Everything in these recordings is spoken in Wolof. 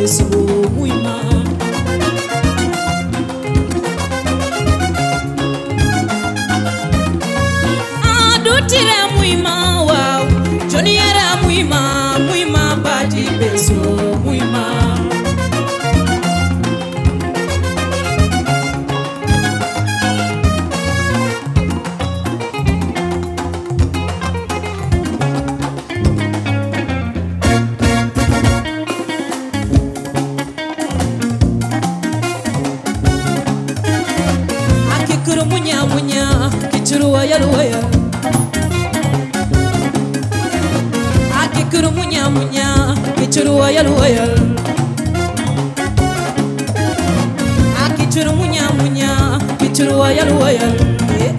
yesu munya munya kichuru wayal wayal a ah, kichuru munya munya kichuru wayal wayal eh,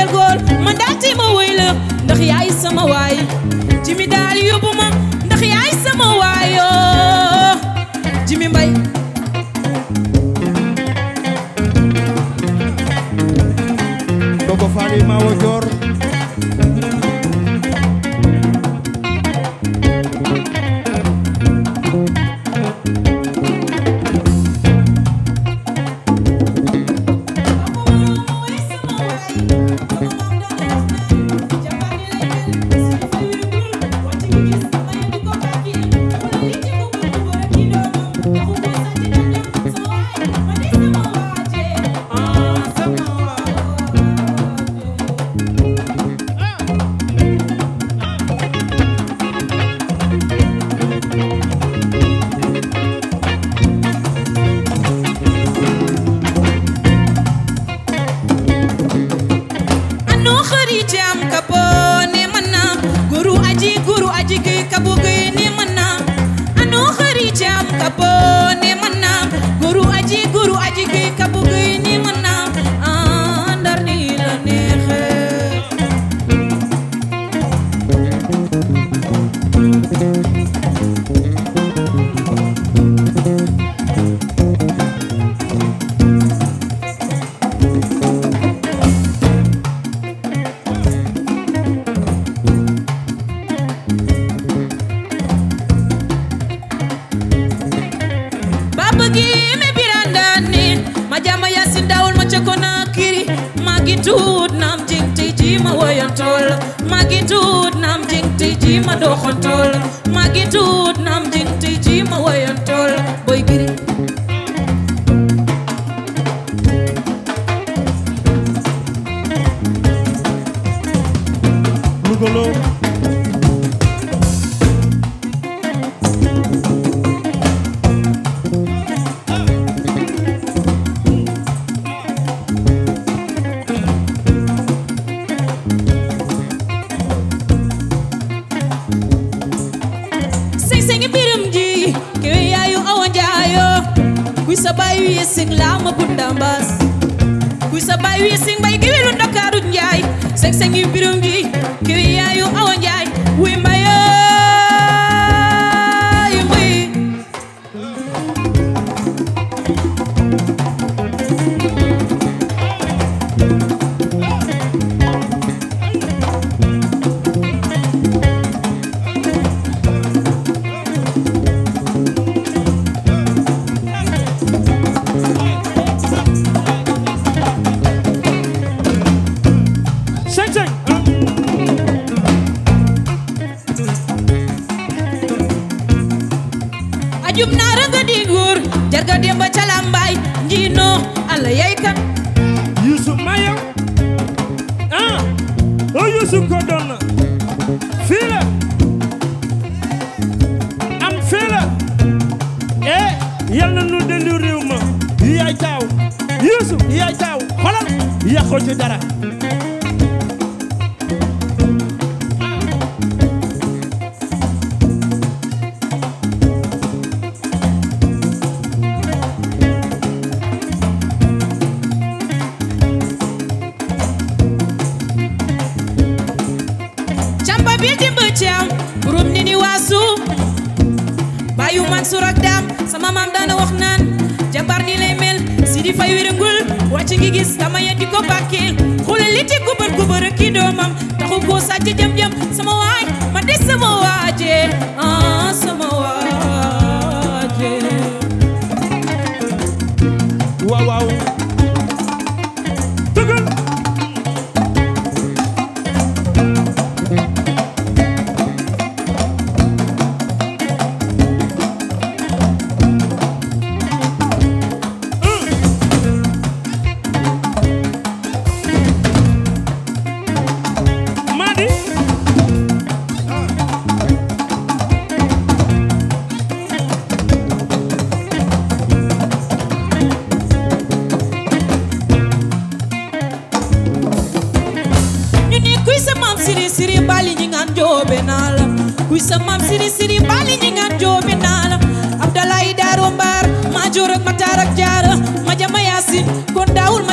mel góor man daal ti ma wëy la ndax yaay sama waay ci mi daal yóbbu Japón. tuut naam jing tey jii ma woyantool maa ngi tuut naam jing tey jii ma doxantool maa ngi tuut naam jing tey jii ma woyantool boy giri Lugolo kuy sa baay wi yesing laama gunda mbaas kuy baay wi yesing bay njaay seng seng yu birum yaayu awa njaay wuy mbay ajum naa rëgg di nguur jarga démb ca làmbaay njiinoo alla yay kan yuusu mayo ah oo oh, yuusu ko doon na am fii la eh yal na nu ma yaay jaaw yuusu yaay jaaw xolal yàqoo ci dara ngi fay wérigul wàcc ngi gis sama yet di ko bàkkeel xule li ci gubar gubar ak ki doomam taxu ko sàcc jëm jëm sama waay ma des sama waajee ah sama waay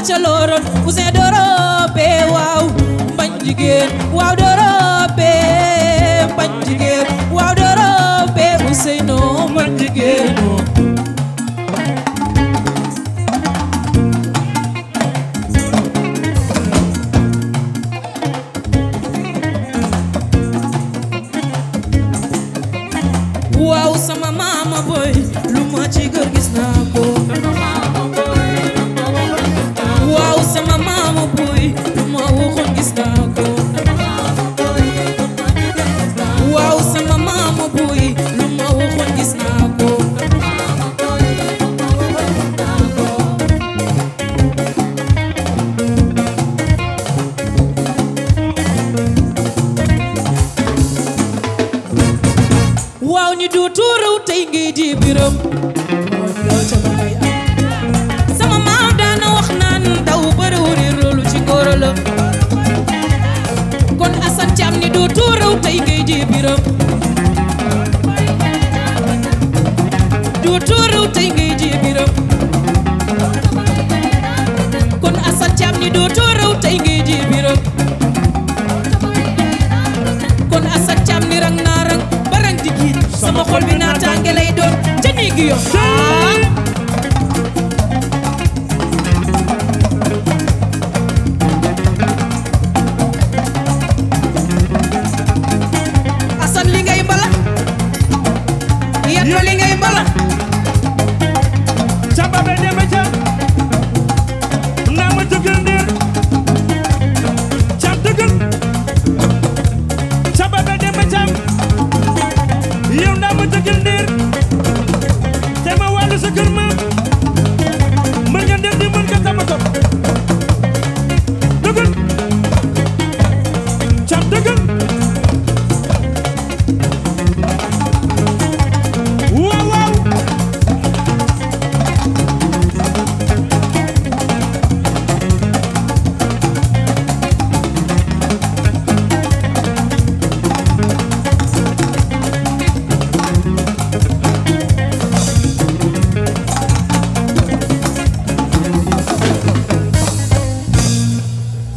ca looroon Ouzin dorobe waaw mbañ jigéen waaw dorobe mbañ jigéen waaw dorobe Ousseynou mbañ jigéen waaw sama maama boy lu ma ci gër gis naa ko gërëm duutoo raw tey ngay jee biram kon Assane Thiam ni duutoo raw tey ngay jee biram kon Assane Thiam ni rang naa rang barang di giit sama xol bi naa tànge lay doon ca néegi yoon